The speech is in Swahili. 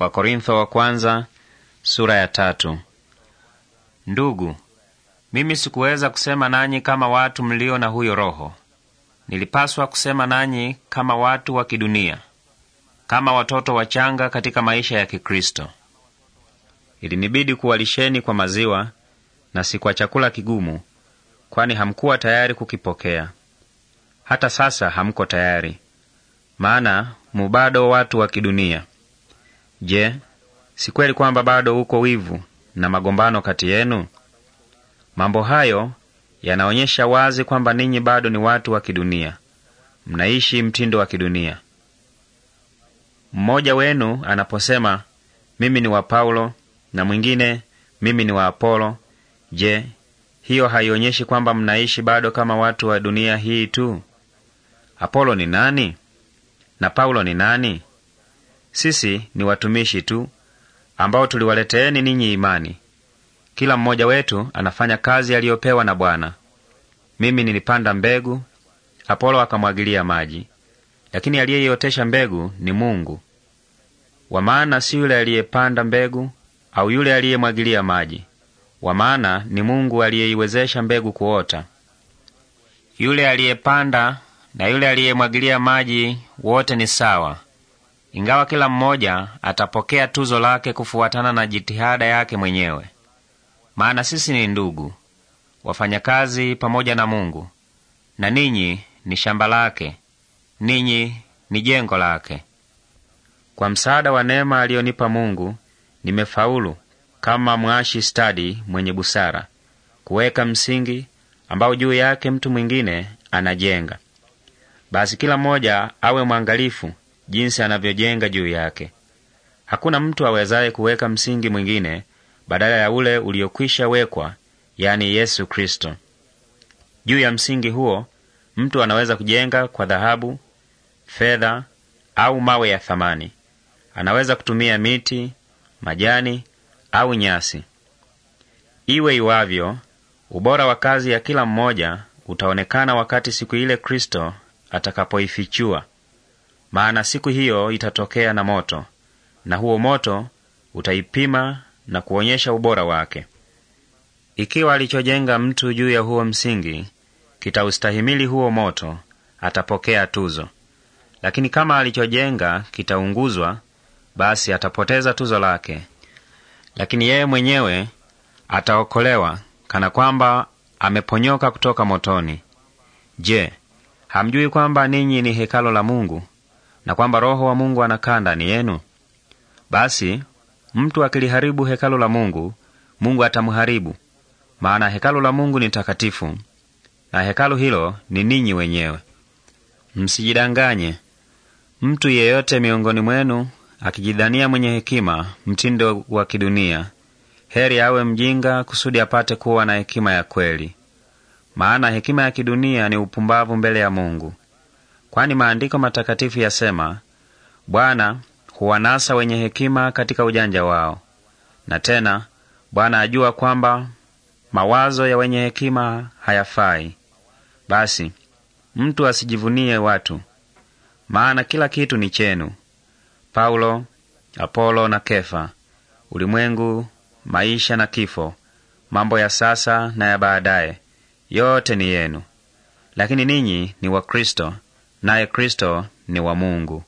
Wakorintho wa kwanza, sura ya tatu. Ndugu, mimi sikuweza kusema nanyi kama watu mlio na huyo Roho. Nilipaswa kusema nanyi kama watu wa kidunia, kama watoto wachanga katika maisha ya Kikristo. Ilinibidi kuwalisheni kwa maziwa na si kwa chakula kigumu, kwani hamkuwa tayari kukipokea. Hata sasa hamko tayari, maana mubado watu wa kidunia. Je, si kweli kwamba bado uko wivu na magombano kati yenu? Mambo hayo yanaonyesha wazi kwamba ninyi bado ni watu wa kidunia, mnaishi mtindo wa kidunia. Mmoja wenu anaposema mimi ni wa Paulo na mwingine mimi ni wa Apolo, je, hiyo haionyeshi kwamba mnaishi bado kama watu wa dunia hii tu? Apolo ni nani na Paulo ni nani? Sisi ni watumishi tu ambao tuliwaleteeni ninyi imani. Kila mmoja wetu anafanya kazi aliyopewa na Bwana. Mimi nilipanda mbegu, Apolo akamwagilia maji, lakini aliyeiotesha mbegu ni Mungu. Wa maana si yule aliyepanda mbegu au yule aliyemwagilia maji, wa maana ni Mungu aliyeiwezesha mbegu kuota. Yule aliyepanda na yule aliyemwagilia maji wote ni sawa, ingawa kila mmoja atapokea tuzo lake kufuatana na jitihada yake mwenyewe. Maana sisi ni ndugu wafanyakazi pamoja na Mungu, na ninyi ni shamba lake, ninyi ni jengo lake. Kwa msaada wa neema aliyonipa Mungu, nimefaulu kama mwashi stadi mwenye busara kuweka msingi ambao juu yake mtu mwingine anajenga. Basi kila mmoja awe mwangalifu jinsi anavyojenga juu yake. Hakuna mtu awezaye kuweka msingi mwingine badala ya ule uliokwisha wekwa, yani Yesu Kristo. Juu ya msingi huo mtu anaweza kujenga kwa dhahabu, fedha au mawe ya thamani. Anaweza kutumia miti, majani au nyasi. Iwe iwavyo, ubora wa kazi ya kila mmoja utaonekana wakati siku ile Kristo atakapoifichua maana siku hiyo itatokea na moto, na huo moto utaipima na kuonyesha ubora wake. Ikiwa alichojenga mtu juu ya huo msingi kitaustahimili huo moto, atapokea tuzo. Lakini kama alichojenga kitaunguzwa, basi atapoteza tuzo lake. Lakini yeye mwenyewe ataokolewa, kana kwamba ameponyoka kutoka motoni. Je, hamjui kwamba ninyi ni hekalo la Mungu na kwamba Roho wa Mungu anakaa ndani yenu? Basi mtu akiliharibu hekalu la Mungu, Mungu atamharibu, maana hekalu la Mungu ni takatifu, na hekalu hilo ni ninyi wenyewe. Msijidanganye. Mtu yeyote miongoni mwenu akijidhania mwenye hekima mtindo wa kidunia, heri awe mjinga, kusudi apate kuwa na hekima ya kweli. Maana hekima ya kidunia ni upumbavu mbele ya Mungu kwani maandiko matakatifu yasema, Bwana huwanasa wenye hekima katika ujanja wao. Na tena Bwana ajua kwamba mawazo ya wenye hekima hayafai. Basi mtu asijivunie watu, maana kila kitu ni chenu: Paulo, Apolo na Kefa, ulimwengu, maisha na kifo, mambo ya sasa na ya baadaye, yote ni yenu. Lakini ninyi ni Wakristo, naye Kristo ni wa Mungu.